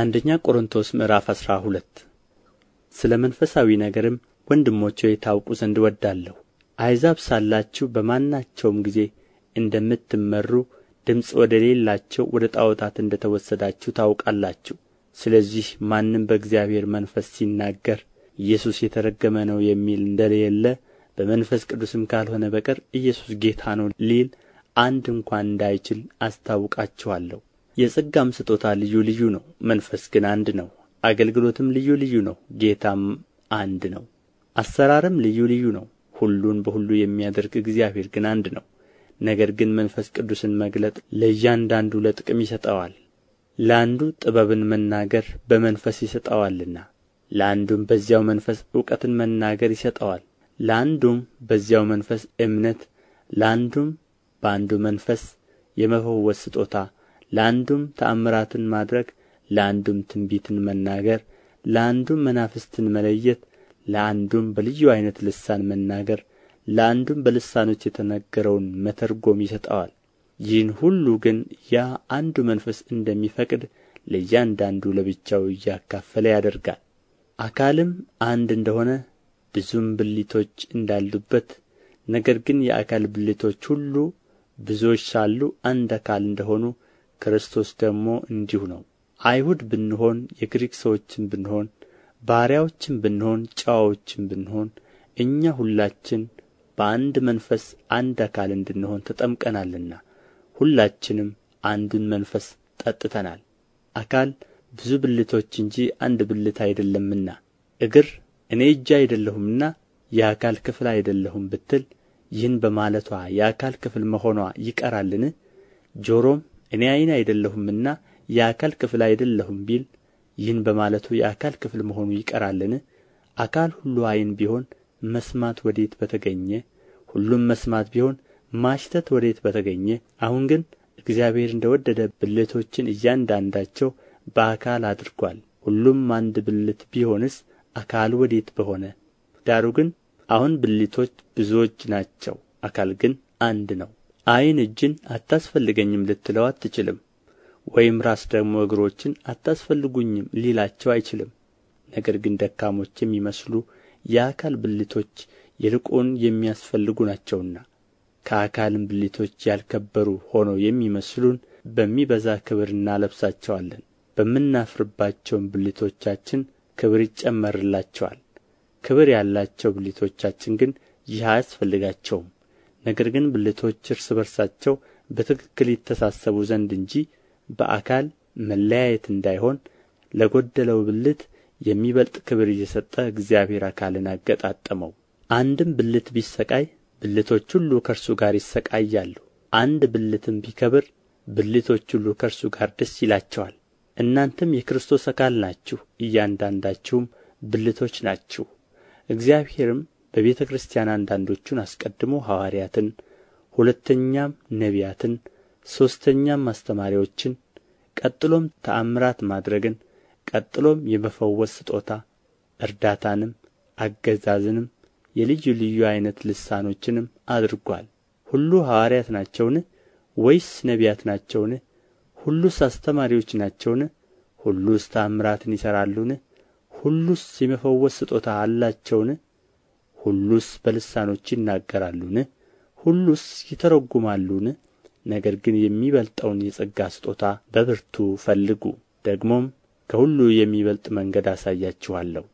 አንደኛ ቆሮንቶስ ምዕራፍ አስራ ሁለት ስለ መንፈሳዊ ነገርም ወንድሞች ሆይ ታውቁ ዘንድ እወዳለሁ አሕዛብ ሳላችሁ በማናቸውም ጊዜ እንደምትመሩ ድምፅ ወደሌላቸው ወደ ጣዖታት እንደ ተወሰዳችሁ ታውቃላችሁ። ስለዚህ ማንም በእግዚአብሔር መንፈስ ሲናገር ኢየሱስ የተረገመ ነው የሚል እንደሌለ በመንፈስ ቅዱስም ካልሆነ በቀር ኢየሱስ ጌታ ነው ሊል አንድ እንኳ እንዳይችል አስታውቃችኋለሁ። የጸጋም ስጦታ ልዩ ልዩ ነው መንፈስ ግን አንድ ነው አገልግሎትም ልዩ ልዩ ነው ጌታም አንድ ነው አሰራርም ልዩ ልዩ ነው ሁሉን በሁሉ የሚያደርግ እግዚአብሔር ግን አንድ ነው ነገር ግን መንፈስ ቅዱስን መግለጥ ለእያንዳንዱ ለጥቅም ይሰጠዋል ለአንዱ ጥበብን መናገር በመንፈስ ይሰጠዋልና ለአንዱም በዚያው መንፈስ እውቀትን መናገር ይሰጠዋል ለአንዱም በዚያው መንፈስ እምነት ለአንዱም በአንዱ መንፈስ የመፈወስ ስጦታ ለአንዱም ተአምራትን ማድረግ ለአንዱም ትንቢትን መናገር ለአንዱም መናፍስትን መለየት ለአንዱም በልዩ ዓይነት ልሳን መናገር ለአንዱም በልሳኖች የተነገረውን መተርጎም ይሰጠዋል። ይህን ሁሉ ግን ያ አንዱ መንፈስ እንደሚፈቅድ ለእያንዳንዱ ለብቻው እያካፈለ ያደርጋል። አካልም አንድ እንደሆነ ብዙም ብልቶች እንዳሉበት ነገር ግን የአካል ብልቶች ሁሉ ብዙዎች ሳሉ አንድ አካል እንደሆኑ ክርስቶስ ደግሞ እንዲሁ ነው አይሁድ ብንሆን የግሪክ ሰዎችም ብንሆን ባሪያዎችም ብንሆን ጨዋዎችም ብንሆን እኛ ሁላችን በአንድ መንፈስ አንድ አካል እንድንሆን ተጠምቀናልና ሁላችንም አንዱን መንፈስ ጠጥተናል አካል ብዙ ብልቶች እንጂ አንድ ብልት አይደለምና እግር እኔ እጅ አይደለሁምና የአካል ክፍል አይደለሁም ብትል ይህን በማለቷ የአካል ክፍል መሆኗ ይቀራልን ጆሮም እኔ ዓይን አይደለሁምና የአካል ክፍል አይደለሁም ቢል ይህን በማለቱ የአካል ክፍል መሆኑ ይቀራልን አካል ሁሉ ዓይን ቢሆን መስማት ወዴት በተገኘ ሁሉም መስማት ቢሆን ማሽተት ወዴት በተገኘ አሁን ግን እግዚአብሔር እንደ ወደደ ብልቶችን እያንዳንዳቸው በአካል አድርጓል ሁሉም አንድ ብልት ቢሆንስ አካል ወዴት በሆነ ዳሩ ግን አሁን ብልቶች ብዙዎች ናቸው አካል ግን አንድ ነው ዓይን እጅን አታስፈልገኝም ልትለው አትችልም ወይም ራስ ደግሞ እግሮችን አታስፈልጉኝም ሊላቸው አይችልም ነገር ግን ደካሞች የሚመስሉ የአካል ብልቶች ይልቁን የሚያስፈልጉ ናቸውና ከአካልም ብልቶች ያልከበሩ ሆነው የሚመስሉን በሚበዛ ክብር እናለብሳቸዋለን በምናፍርባቸውም ብልቶቻችን ክብር ይጨመርላቸዋል ክብር ያላቸው ብልቶቻችን ግን ይህ አያስፈልጋቸውም ነገር ግን ብልቶች እርስ በርሳቸው በትክክል ይተሳሰቡ ዘንድ እንጂ በአካል መለያየት እንዳይሆን ለጎደለው ብልት የሚበልጥ ክብር እየሰጠ እግዚአብሔር አካልን አገጣጠመው። አንድም ብልት ቢሰቃይ ብልቶች ሁሉ ከእርሱ ጋር ይሰቃያሉ። አንድ ብልትም ቢከብር ብልቶች ሁሉ ከእርሱ ጋር ደስ ይላቸዋል። እናንተም የክርስቶስ አካል ናችሁ፣ እያንዳንዳችሁም ብልቶች ናችሁ። እግዚአብሔርም በቤተ ክርስቲያን አንዳንዶቹን አስቀድሞ ሐዋርያትን ሁለተኛም ነቢያትን ሦስተኛም አስተማሪዎችን ቀጥሎም ተአምራት ማድረግን ቀጥሎም የመፈወስ ስጦታ እርዳታንም አገዛዝንም የልዩ ልዩ ዐይነት ልሳኖችንም አድርጓል። ሁሉ ሐዋርያት ናቸውን? ወይስ ነቢያት ናቸውን? ሁሉስ አስተማሪዎች ናቸውን? ሁሉስ ተአምራትን ይሠራሉን? ሁሉስ የመፈወስ ስጦታ አላቸውን? ሁሉስ በልሳኖች ይናገራሉን ሁሉስ ይተረጉማሉን ነገር ግን የሚበልጠውን የጸጋ ስጦታ በብርቱ ፈልጉ ደግሞም ከሁሉ የሚበልጥ መንገድ አሳያችኋለሁ